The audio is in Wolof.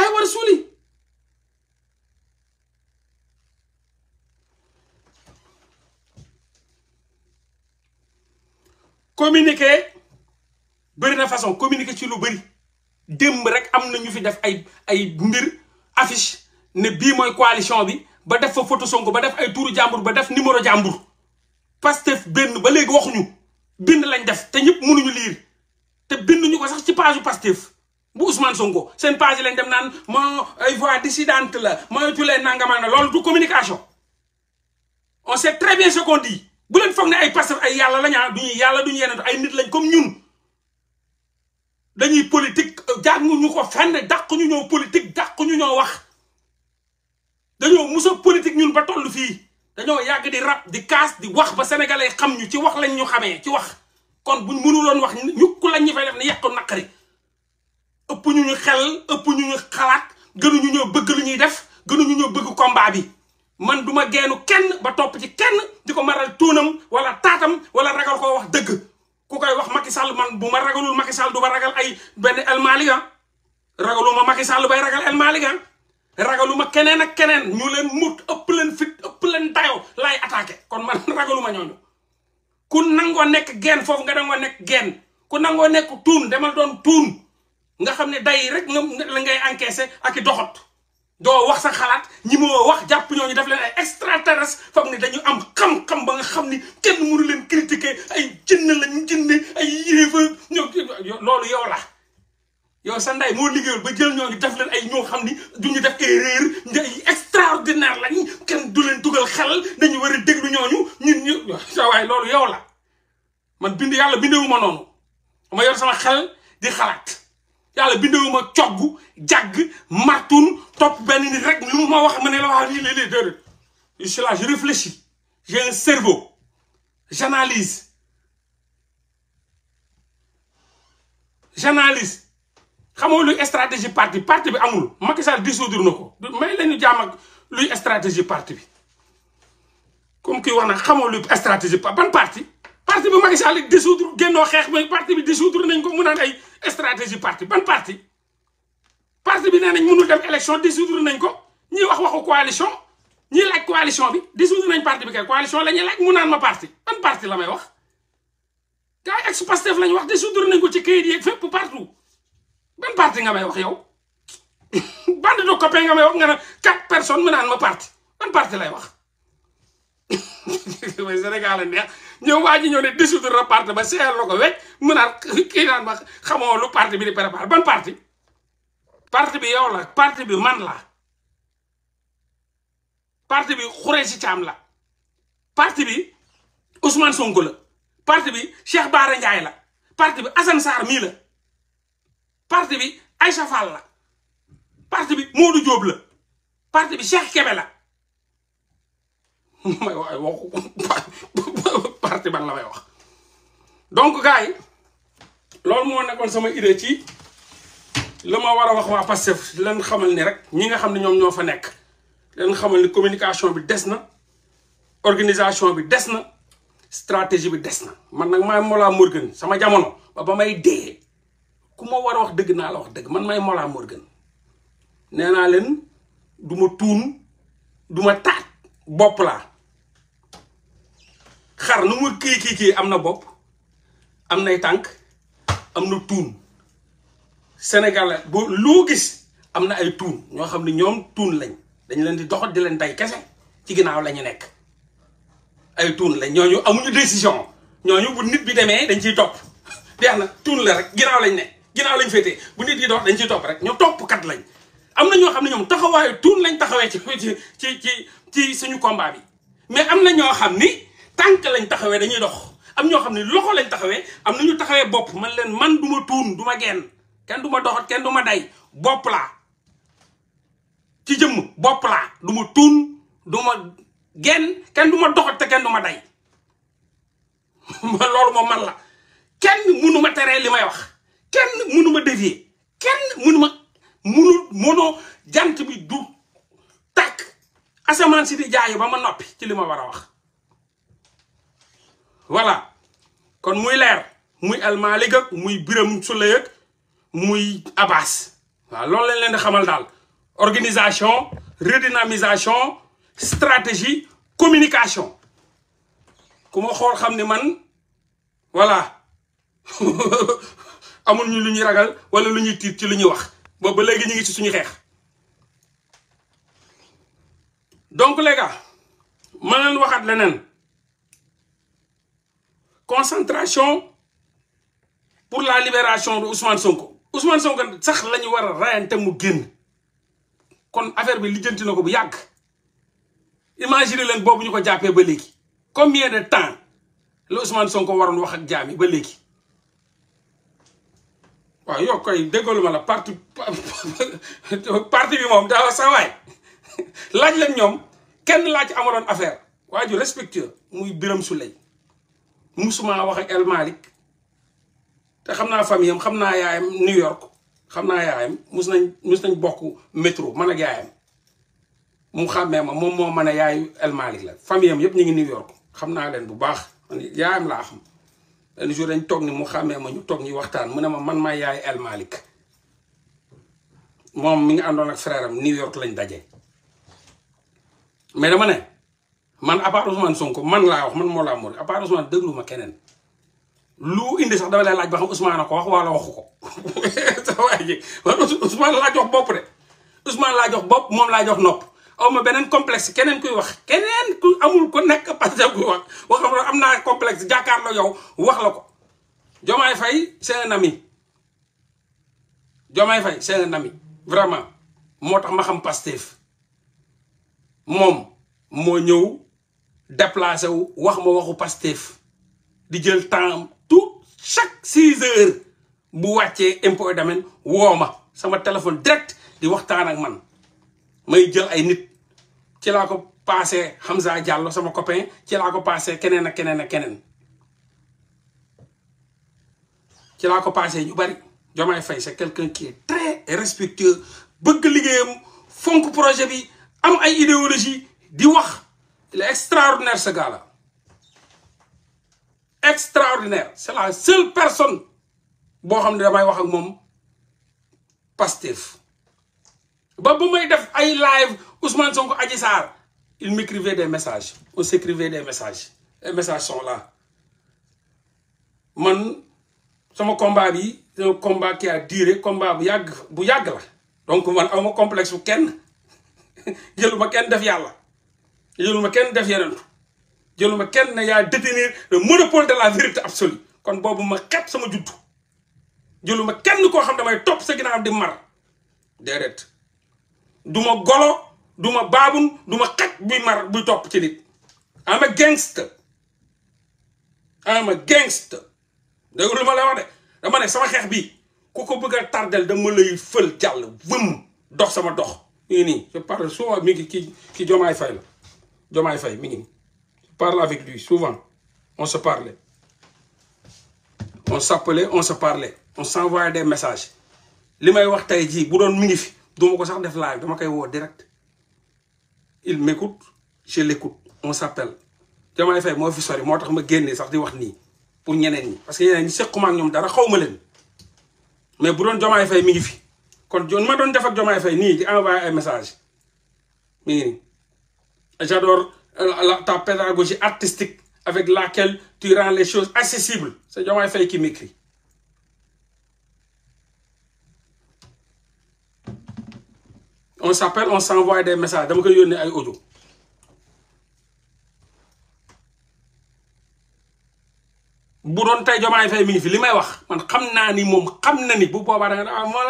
lillahi wa rasuli communiquer bëri na façon communiquer ci lu bëri démb rek am na ñu fi def ay ay mbir affiche ne bii mooy coalition bi ba def fa photo ba def ay tuuru jàmbur ba def numéro jàmbur Pastef benn ba léegi waxuñu bind lañ def te ñëpp mënuñu liir te bind ñu ko sax ci page Pastef bu Ousmane Sonko seen page lañ dem naan moo ay voix dissidente la moytu leen nangamaan na loolu du communication on sait très bien ce qu'on dit bu leen foog ne ay Pastef ay yàlla lañ ah, du ñuy yàlla du ñu yeneen ay nit lañ comme ñun dañuy politique euh, jànguñu ko fenn dàq ñu ñoo politique dàq ñu ñoo wax dañoo musa politique ñun ba toll fii dañoo yàgg di rab di kaas di wax ba sénégalais xam ñu ci wax lañ ñu xamee ci wax kon bu buñ mënuloon wax ñukk lañ ñu fay def ne yàqu naqari ëpp ñu ñu xel ëpp ñu ñu xalaat gënuñu ñoo bëgg lu ñuy def gënuñu ñoo bëgg combat bi man du ma geenu kenn ba topp ci kenn di ko maral tuunam wala taatam wala ragal ko wax dëgg ku koy wax Macky Sall man bu ma ragalul Macky Sall ma ragal ay benn El Malick ah. ragaluma Macky Sall bay ragal El Malick ah. ragaluma keneen ak keneen ñu leen mut ëpp leen fit ëpp leen dayoo laay attaqué kon man ragaluma ñooñu ku nangoo nekk geen foofu nga dangoo nekk geen ku nangoo nekk tuun demal doon tuun nga xam ne day rek nga la ngay encaissé ak i doxot doo wax sa xalaat ñi moo wax jàpp ñooñu def leen ay extraterrestre foog ne dañu am xam ba nga xam ni kenn mënu leen critiquer ay jënn lañ jënne ay yéefa ñoo loolu yow la yow sa nday moo liggéeyul ba jël ñooñu def leen ay ñoo xam duñu def erreur ay extraordinaire lañ kenn du leen dugal xel dañu war a déglu ñooñu ñun ñu sa waaye loolu yow la man bind yàlla bindewu ma noonu ma yor sama xel di xalaat yàlla bindewu ma cogg jàgg martun topp benn nit rek lu ma wax ma ne la waa lii lii déedéet je suis je réfléchis j'ai un cerveau j'analyse j'analyse xamoo luy stratégie parti parti bi amul Macky Sall dissoudre na ko may la ñu jaam ak luy stratégie parti bi comme kuy wax nag xamoo luy stratégie ban parti parti bi Macky Sall dissoudre génnoo xeex mooy parti bi dissoudre nañ ko mu naan ay stratégie parti ban parti parti bi nee nañ mënul dem élection dissoudre nañ ko ñii wax waxu coalition ñii laaj coalition bi dissoudre nañ parti bi kay coalition la laaj mu naan ma parti ban parti la may wax gars yi ex Pastef lañ wax dissoudre nañ ko ci kayit yeeg fépp partout ban parti nga may wax yow bande de copains nga may wax nga ne quatre personne mu naan ma parti ban parti lay wax Sénégal a ñëw waa ji ñëw ne la na parti ba seeyal na ko wecc mu naan kii naan ma xamoo lu parti bi di préparé ban parti parti bi yow la parti bi man la parti bi Khoureyssi Thiam la parti bi Ousmane Sonko la parti bi Cheikh Bara Ndiaye la parti bi Assane Sarr mii la parti bi Aïcha Fall la parti bi Modou Diop la parti bi Cheikh Kébé la. parti ban la may wax donc gars yi loolu moo nekkoon sama idée ci la ma war a wax waa Pastef leen xamal ni rek ñi nga xam ne ñoom ñoo fa nekk leen xamal ni communication bi des na organisation bi des na stratégie bi des na man nag maay Mollah Morgun sama jamono ba ba may dee ku ma war a wax dëgg naa la wax dëgg man maay Mollah Morgun nee naa leen du ma tuun du ma taat bopp laa xar nu mu kii kii kii am na bopp am nay tànk am na tuun Sénégal bu lu gis am na ay tuun ñoo xam ne ñoom tuun lañ dañ leen di doxat di leen tey kese ci ginaaw la nekk ay tuun lañ ñoo ñu ñooñu amuñu décision ñooñu bu nit bi demee dañ ciy topp deex na tuun la rek ginnaaw lañ ne ginnaaw lañ féetee bu nit yi dañ ciy topp rek ñoo toppkat lañ am na ñoo xam ne ñoom taxawaayu tuun lañ taxawee ci ci ci ci suñu combat bi mais am na ñoo xam ni tànk lañ taxawee dañuy dox am ñoo xam ne loxo lañ taxawee am na ñu taxawee bopp man leen man du ma tuun duma genn kenn du ma doxat kenn du ma day bopp laa ci jëmm bopp laa du ma tuun du ma genn kenn du ma doxat te kenn du ma day loolu moom man la kenn mënu ma teree li may wax kenn mënu ma dévier kenn mënu ma mënu mënoo jant bi du tàkk asamaan si di jaayu ba ma noppi ci li ma war a wax voilà kon muy leer muy almaalik ak muy biram sulay muy abbas waaw loolu lañ leen di xamal daal organisation redynamisation stratégie communication ku ma xool xam ne man voilà amul ñu lu ñuy ragal wala lu ñuy tiit ci lu ñuy wax boobu ba léegi ñu ngi ci suñu xeex donc les gars ma leen waxaat leneen concentration pour la libération de Ousmane Sonko Ousmane Sonko sax lañu war a rayante mu génn kon affaire bi lijjanti na ko bu yàgg imagine leen boobu ñu ko jàppee ba léegi combien de temps la Ousmane Sonko waroon wax ak jaam yi ba léegi waaw yokk koy déggalu ma la parti bi moom daa sa waay laaj leen ñoom kenn laaj amaloon affaire waa ju respectueux muy Birame Souleye musuma wax ak El te xam naa famille am xam naa yaayam New York xam naa yaayam mus nañ mus nañ bokk métro man ak yaayam mu xàmmee ma moom moo ma a yaayu El la famille am yëpp ñu ngi New York xam naa leen bu baax man yaayam laa xam benn jour dañ toog ni mu xàmmee ma ñu toog ñuy waxtaan mu ne ma man maa yaay El moom mi ngi àndoon ak frère New York lañ daje mais dama ne man à part Ousmane Sonko man laa wax man moo laa mori à part Ousmane déglu ma keneen lu indi sax dama lay laaj ba xam Ousmane a ko wax wala waxu ko sa waay ji man laa jox bopp de Ousmane laa jox bopp moom laa jox nopp aw ma beneen complexe keneen kuy wax keneen amul ko nekk Pastef kuy wax waxam am naa complexe jàkkaarloo yow wax la ko Diomaye Faye c'est un ami fay Faye nami vraiment moo tax ma xam Pastef moom moo ñëw déplacé wu wax ma waxu Pastef di jël temps tout chaque six heures bu wàccee impôt domaine woo ma sama téléphone direct di waxtaan ak man may jël ay nit ci laa ko passé Hamza Diallo sama copain ci laa ko passé keneen ak keneen ak keneen ci laa ko passé ñu bari Diomaye Faye c'est quelqu'un qui est très respectueux bëgg liggéeyam fonk projet bi am ay idéologie di wax il est extraordinaire ce gars-là c'est la seule personne boo xam ne damay wax ak moom Pastef ba bu may def ay live Ousmane Sonko Adji Sarr il m'écrivait des messages on s'écrivait des messages les messages sont là man sama combat bi sama combat qui a duré combat bu yàgg bu yàgg la donc man ma complexe bu kenn jëluma kenn def yàlla te ma kenn def yenentu ma kenn ne yaa détenir le monopole de la vérité absolue kon boobu ma xeeb sama juddu ma kenn koo xam damay topp sa ginnaaw di mar déedéet du ma golo du ma baabun du ma xaj buy mar topp ci nit ama gangster ama gangster dégg lu ma lay de dama ne sama xeex bi ku ko bëgg a tardel dama lay fël jàll wëm dox sama dox nii nii je parle souvent mi ngi ki ki jomaay fay la Diomaye Faye mi ngi parle avec lui souvent on se parlait on s'appelait on se parlait on s'envoyait des messages li may wax tey jii bu doon mi ngi fi duma ko sax def live dama koy woo direct il m'écoute je l'écoute on s'appelle Diomaye Faye moo fi sori moo tax ma génnee sax di wax nii pour ñeneen ñi parce que ñeneen ñi sequma ak ñoom dara xaw ma leen mais bu doon Diomaye Faye mi ngi fi kon ma doon def ak Diomaye nii di envoyé ay message mi ngi nii j'adore ta pédagogie artistique avec laquelle tu les choses accessibles c'est Diomaye Faye qui m'écrit on s'appelle on s'envoie des messages dama koy yónnee ay audio bu doon tey Diomaye Faye mi fi li may wax man xam naa ni moom xam na ni bu boobaa da nga ah,